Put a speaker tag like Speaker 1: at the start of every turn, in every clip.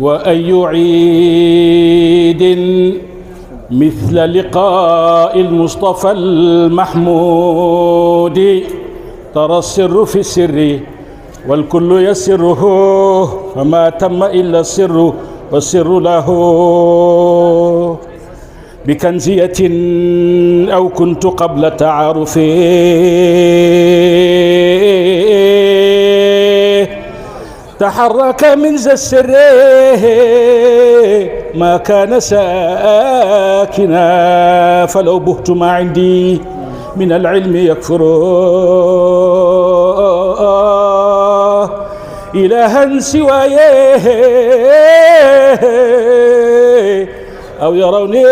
Speaker 1: وأي عيد مثل لقاء المصطفى المحمود ترى السر في السر والكل يسره فما تم إلا السر والسر له بكنزية أو كنت قبل تعارفي تحرك من ذا السر ما كان ساكنا فلو بهت ما عندي من العلم يكفر إلها سوايه أو يروني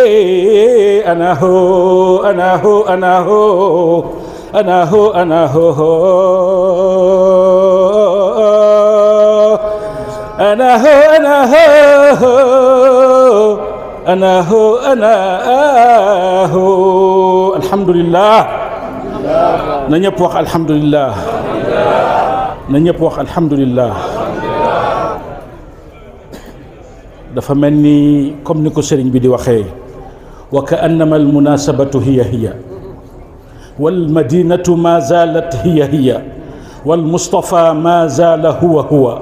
Speaker 1: أنا هو أنا هو أنا هو أنا هو أنا هو, أنا هو أنا هو أنا هو أنا هو أنا هو الحمد لله نñëpp wax alhamdulilah na ñëpp wax alhamdulilah dafa mel ni comme ni ko sëriñ bi di waxee wa kaannama almunasabatu hiya hiya walmadinatu ma zalat hiya hiya walmustafa ma zala huwa huwa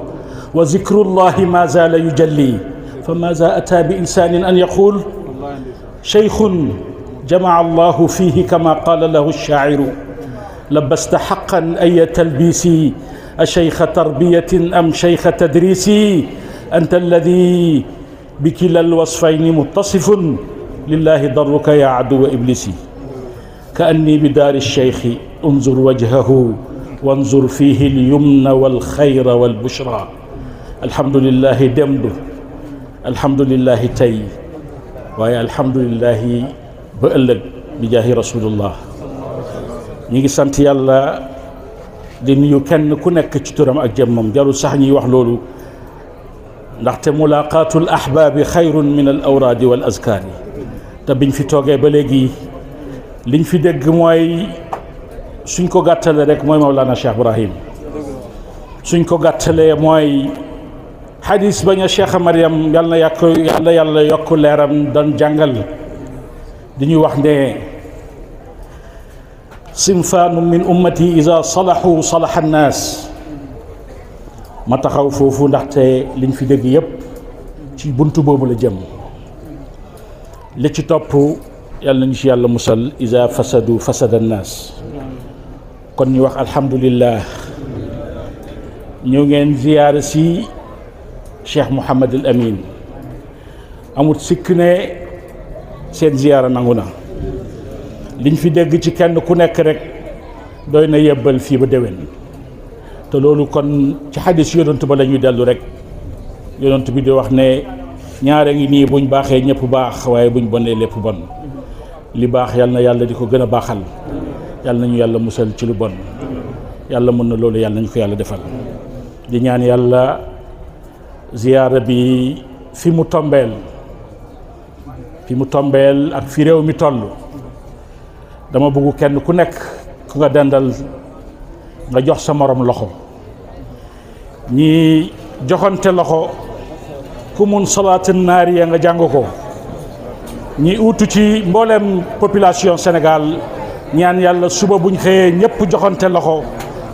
Speaker 1: wa zikrullahi ma zaala yujalli fa maza ataa bi insaanin an yaqul cheykhun jamaa allahu fihi kama qaala lahu shaaciru labasta xaqan aya talbiisi a cheykha tarbiyatin am cheykha tadriisi anta alladi bi kila alwasfayni muttasifun lillahi darruka yaa aduwa iblisi ka anni bi daari cheykhi unzur wajhahu wanzur fihi lyumna walxayra walbushra alhamdulilahi demb alhamdulilahi tey waaye alhamdulilahi ba ëllëg bi jaahi rasulullah ñi ngi sant yàlla di nuyu kenn ku nekk ci turam ak jëmmam jarul sax ñuy wax loolu ndaxte mulaaqaatu al ahbaabi xayrun min al awraadi wal azkaari te biñ fi toogee ba léegi liñ fi dégg mooy suñ ko gàttalee rek mooy Mawlana Cheikh Ibrahim suñ ko gàttalee mooy xadis bañ a cheikh mariam yal na yokk leeram doon jàngal di ñu wax ne sinfaanu min ummati ida salahu salaha annaas ma taxaw foofu ndaxte li liñ fi dégg yépp ci bunt boobu la jëm li ci topp yàlla nañu ci yàlla musal ida fasadu fasada annaas kon ñu wax alhamdulillah ñëw ngeen ziyaara si cheikh mouhamadul amin amut sikk ne seen ziyaara nangu na liñ fi dégg ci kenn ku nekk rek doy na yebbal fii ba dewen te loolu kon ci xadis yonent ba lañuy dellu rek yonent bi di wax ne ñaare ngi nii buñ baaxee ñëpp baax waaye buñ bonee lépp bon li baax yal na yàlla di ko gën a baaxal yàlla nañu yàlla musal ci lu bon yàlla mën na loolu yàlla nañu ko yàlla defal di ñaan yàlla ziyaara bi fi mu tombeel fi mu tombeel ak fi réew mi toll dama bëgg kenn ku nekk ku nga dendal nga jox sa morom loxo ñi joxante loxo ku mun naar naariya nga jàng ko ñi uutu ci mboolem population Sénégal ñaan yàlla suba buñ xëyee ñëpp joxante loxo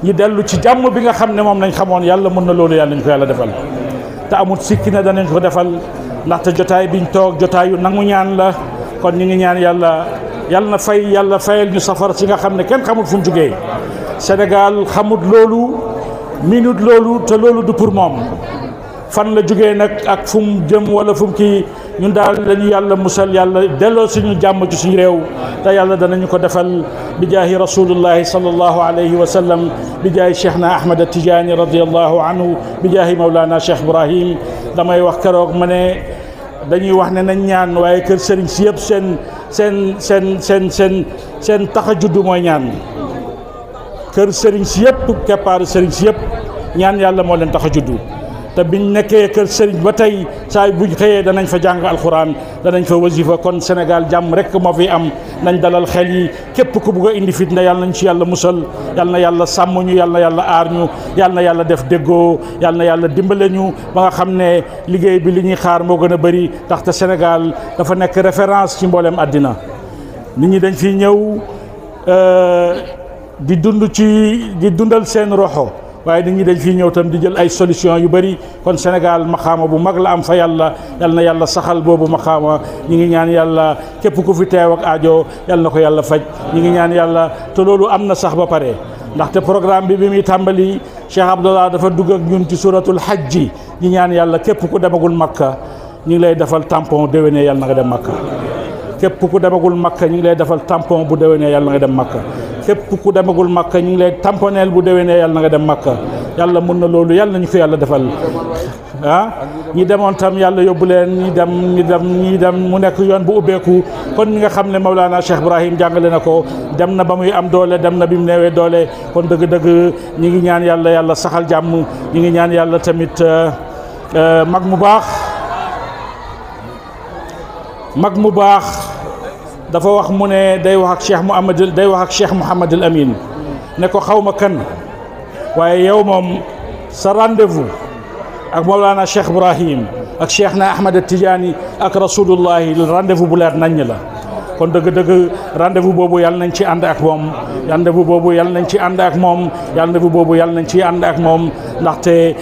Speaker 1: ñi dellu ci jàmm bi nga xam ne moom lañ xamoon yàlla mën na loolu yàlla ñu ko yàlla defal te amut sikki ne danañ ko defal ndaxte jotaay bi biñ toog jotaay yu nangu ñaan la kon ñu ngi ñaan yàlla yàlla na fay yàlla fayal ñu safar si nga xam ne kenn xamut fu mu jugee Sénégal xamut loolu minut loolu te loolu du pour moom fan la jugee nag ak fu jëm wala fu kii ñun daal lañu yàlla musal yàlla delloo suñu jàmm ci suñu réew te yàlla danañu ko defal bi jaahi rasulullahi sallallahu alayhi wa sallam bi jaahi cheikhna ahmad tijaani radiallahu anhu bi jaahi mawlana cheikh ibrahim damay wax keroog ma ne dañuy wax ne nañ ñaan waaye kër sëriñ si yëpp seen seen seen seen seen seen tax a juddu mooy ñaan kër sëriñ si yëpp keppaaru sëriñ si yëpp ñaan yàlla moo leen tax a juddu te biñ nekkee kër sëriñ ba tey saay buñ xëyee danañ fa jàng alxuraan danañ fa wasifa kon Sénégal jàmm rek moo fi am nañ dalal xel yi képp ku bugg a indi fitna yàlla nañ si yàlla musal yàlla na yàlla sàmm yàlla yàlla aar ñu yàlla yàlla def déggoo yàlla na yàlla dimbale ñu ba nga xam ne liggéey bi li ñuy xaar moo gën a bari bëri ndaxte Sénégal dafa nekk référence ci mboolem àddina nit ñi dañ fi ñëw euh, di dund ci di dundal seen roxo waaye nit ñi dañ fii ñëw tam di jël ay solution yu bëri kon Sénégal maxaama bu mag la am fa yàlla yal na yàlla saxal boobu maxaama ñu ngi ñaan yàlla képp ku fi teew ak aajo yal na ko yàlla faj ñu ngi ñaan yàlla te loolu am na sax ba pare ndaxte programme bi bi muy tàmbali Cheikh Abdallah dafa dugg ak ñun ci suratul ji ñu ñaan yàlla képp ku demagul makka ñu ngi lay defal tampon déwénee yàlla na nga dem makka képp ku demagul makka ñu ngi lay defal tampon bu déwénee yàlla nga dem makka képp ku demagul Makka ñu ngi lay tamponeel bu déwénee yàlla na nga dem Makka yàlla mun na loolu yàlla nañu ko yàlla defal ah ñi demoon tam yàlla yóbbu leen ñi dem ñi dem ñi dem mu nekk yoon bu ubbeeku kon ñi nga xam ne laa Mawlana Cheikh Ibrahim jàngale na ko dem na ba muy am doole dem na bi mu neewee doole kon dëgg-dëgg ñi ngi ñaan yàlla yàlla saxal jàmm ñi ngi ñaan yàlla tamit eh, eh, mag mu baax mag mu baax dafa wax mu ne day wax ak cheikh Mouhamadul day wax ak cheikh Mouhamadul Amin ne ko xaw ma kan waaye yow moom sa rendez-vous ak Mawlana Cheikh Ibrahim ak cheikh na Ahmad Tidiane ak rasulullahi rendez-vous bu leer naññ la kon dëgg-dëgg rendez boobu yàlla nañ ci ànd ak moom rendez boobu yàlla nañ ci ànd ak moom rendez boobu yàlla nañ ci ànd ak moom ndaxte.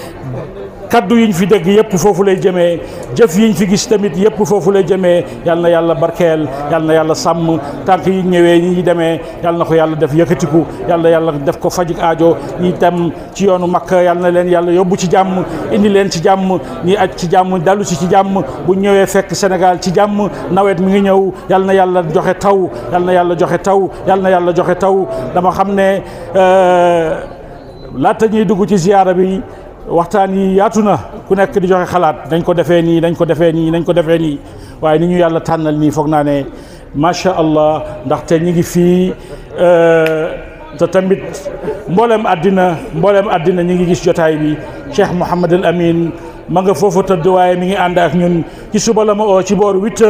Speaker 1: kaddu ñu fi dégg yëpp foofu lay jëmee jëf yiñ fi gis tamit yëpp foofu lay jëmee yal na yàlla barkeel yal na yàlla sàmm tànk yi ñëwee ñi demee yal na ko yàlla def yëkkatiku yal na yàlla def ko fajik aajo ñi dem ci yoonu makka yal na leen yàlla yóbbu ci jàmm indi leen ci jàmm ñi aj ci jàmm dalu si ci jàmm bu ñëwee fekk senegal ci jàmm nawet mi ngi ñëw yal na yàlla joxe taw yal na yàlla joxe taw yal na yàlla joxe taw dama xam ne euh, laata ñuy dugg ci ziyaara waxtaan yi yaatu na ku nekk di joxe xalaat dañ ko defee nii dañ ko defee nii dañ ko defee nii waaye ni ñu yàlla tànnal nii foog naa ne allah ndaxte ñi ngi fii euh, te tamit mboolem àddina mboolem àddina ñi ngi gis jotaay bi Cheikh Mouhamed El Amin ma nga foofu tëdd waaye mi ngi ànd ak ñun ci suba la oo ci boor 8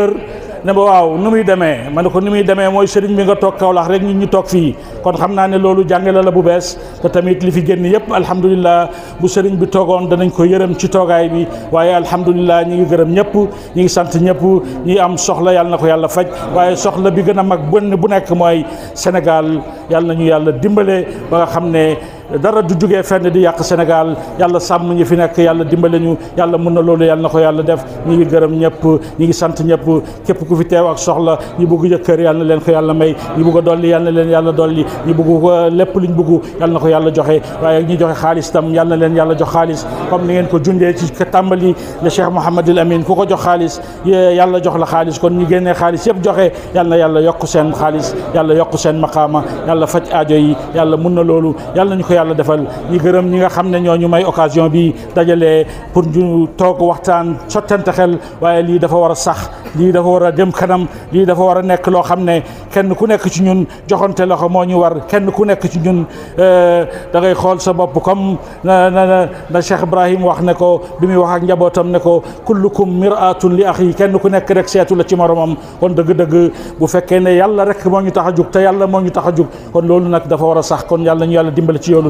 Speaker 1: ne waaw nu muy demee ma ne ko ni muy demee mooy sëriñ bi nga toog Kaolack rek ñu ñu toog fii kon xam naa ne loolu jàngale la bu bees te tamit li fi génn yëpp alhamdulillah bu sëriñ bi toogoon danañ ko yërëm ci toogaay bi waaye alhamdulilah ñi ngi gërëm ñëpp ñi ngi sant ñëpp ñi am soxla yàlla na ko yàlla faj waaye soxla bi gën a mag bënn bu nekk mooy Sénégal yàlla na ñu yàlla dimbale ba nga xam ne dara du jugee fenn di yàq Sénégal yàlla sàmm ñi fi nekk yàlla dimbale ñu yàlla mën na loolu yàlla na ko yàlla def ñi ngi gërëm ñëpp ñi ngi sant ñëpp képp ku fi teew ak soxla ñi bëgg jëkkër yàlla na leen ko yàlla may ñi bëgg a dolli yàlla na leen yàlla dolli ñi bëgg ko lépp liñ bëgg yàlla na ko yàlla joxe waaye ñi joxe xaalis tam yàlla leen yàlla jox xaalis comme ni ngeen ko jundee ci tàmbali le Cheikh Mouhamadul Amin ku ko jox xaalis yàlla jox la xaalis kon ñi génnee xaalis yëpp joxe yàlla yàlla yokk seen xaalis yàlla yokk seen maqaama yàlla faj aajo yi yàlla na loolu yàlla defal ñi gërëm ñi nga xam ne ñoo ñu may occasion bi dajalee pour ñu toog waxtaan sottante xel waaye lii dafa war a sax lii dafa war a dem kanam lii dafa war a nekk loo xam ne kenn ku nekk ci ñun joxonte loxo moo ñu war kenn ku nekk ci ñun euh, da ngay xool sa bopp comme na na na Cheikh Ibrahim wax ne ko bi muy wax ak njabootam ne ko kullukum miraatun li axi kenn ku nekk rek seetu la ci moromam kon dëgg-dëgg bu fekkee ne yàlla rek moo ñu tax a jug te moo ñu tax a kon a sax kon yàlla ñu yàlla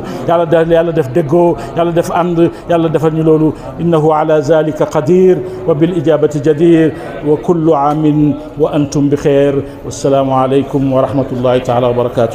Speaker 1: ànd yàlla def yàlla def déggoo yàlla def ànd yàlla defal ñu loolu innahu ala zalika qadir wa bil ijabati jadir wa kullu aamin wa antum bi xeer wassalaamu aleykum wa rahmatullahi taala wa barakatuh